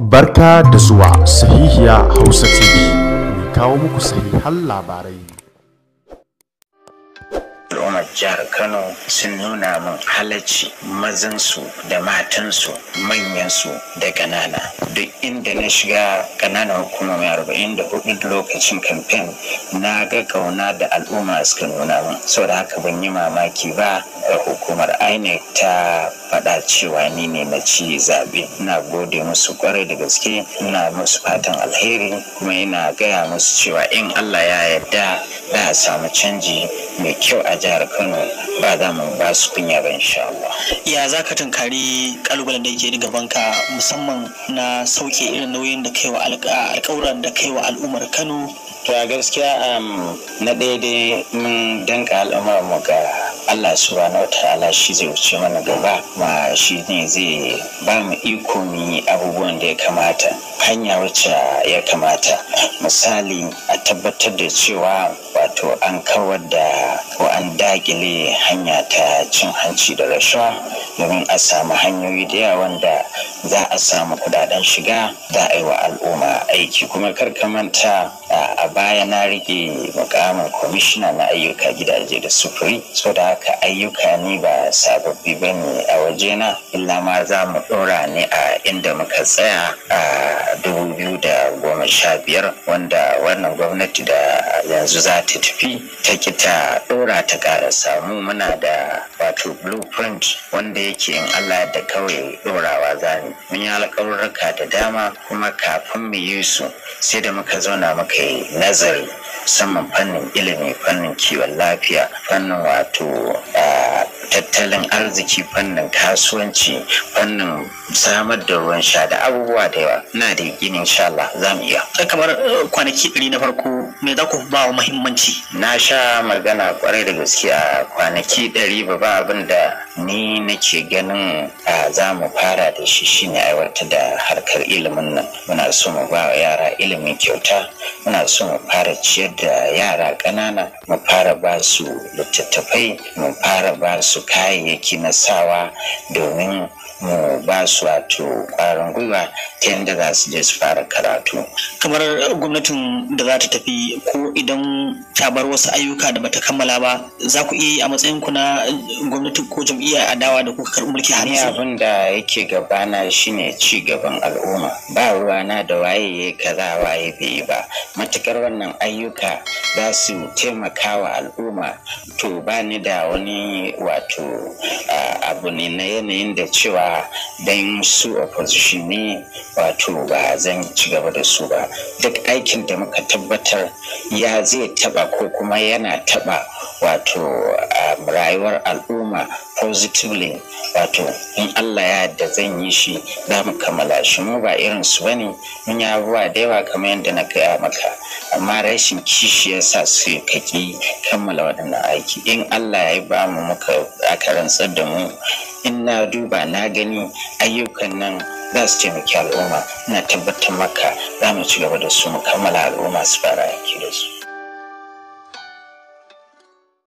Barka da zuwa sahihiya Hausa TV mai kawo muku sahihan labarai. Al'ummar jihar Kano sun nuna mun halacci mazansu da matansu manyansu da ƙanana. Duk inda na shiga ƙananan hukumomi arba'in da hudu lokacin kamfen na ga kauna da al'umma suka nuna mun Saboda haka ban yi mamaki ba hukumar inec ta faɗa cewa ni ne na ci zaɓe ina gode musu kwarai da gaske ina musu fatan alheri kuma ina gaya musu cewa in allah ya yarda da a samu canji mai kyau a jihar kano ba za mu ba su kunya ba insha allah ya za ka tunkari kalubalen da ke gaban ka musamman na sauke irin nauyin da kai alƙawuran da kaiwa wa al'ummar kano to a gaskiya um, na daidai mun danka al'ummar mu ga Allah subhanahu ta'ala shi zai wuce mana gaba kuma shi ne zai ba mu iko mu abubuwan da ya kamata hanya wacce ya kamata misali a tabbatar da cewa wato an kawar da wa'an dakile hanya ta cin hanci da rashawa domin a samu hanyoyi da yawa wanda za a samu kudaden shiga za a yi wa al'umma aiki kuma karkamanta manta a baya na rike mukamin kwamishina na ayyuka gidaje da sufuri so da haka ayyuka ne ba sababbi ba ne a wajena illa ma za mu ɗora ne a inda muka tsaya a dubu biyu da goma sha biyar wanda wannan gwamnati da yanzu za ta tafi ta kita ɗora ta muka samu muna da wato blueprint wanda yake in Allah da kawai ɗorawa mu mun yi alƙawarraka da dama kuma kafin mu yi su sai da muka zauna muka yi nazari musamman fannin ilimi fannin kiwon lafiya fannin wato tattalin arziki fannin kasuwanci fannin samar da ruwan sha da abubuwa da yawa na da yakin insha Allah za mu iya kamar eh, kwanaki ɗari na farko me za ku ba wa muhimmanci na sha magana kwarai da gaske a kwanaki ɗari ba abin da ni nake ganin a za mu fara da shi shine aiwata da harkar ilimin nan muna so mu ba yara ilimin kyauta muna so mu fara ciyar da yara ƙanana mu fara ba su littattafai mu fara ba su kayayyaki na sawa domin mu ba su wato ƙwarin gwiwa ta yadda za su je su fara karatu. kamar gwamnatin da za ta tafi ko idan ta bar wasu ayyuka da bata kammala ba za ku iya yi a matsayin ku na gwamnati ko jam'iyya iya adawa da kokar mulki har yanzu abin da yake gabana shine ci gaban al'umma ba na da waye ya kaza waye bai yi ba matukar wannan ayyuka za su taimaka wa al'umma to ba ni da wani wato abu ne na yanayin da cewa dan su opposition ne wato ba zan ci gaba da su ba duk aikin da muka tabbatar ya zai taba ko kuma yana taba wato rayuwar al'umma positively wato in Allah ya da zan yi shi za mu kammala shi mu ba irin su bane mun yi abubuwa da yawa kamar yadda na gaya maka amma rashin kishi ya sa su kaki kammala waɗannan aiki in Allah ya yi ba mu muka aka rantsar da mu in na duba na gani ayyukan nan za su taimaki al'umma ina tabbatar maka za mu ci gaba da su mu kammala al'umma su fara aiki da su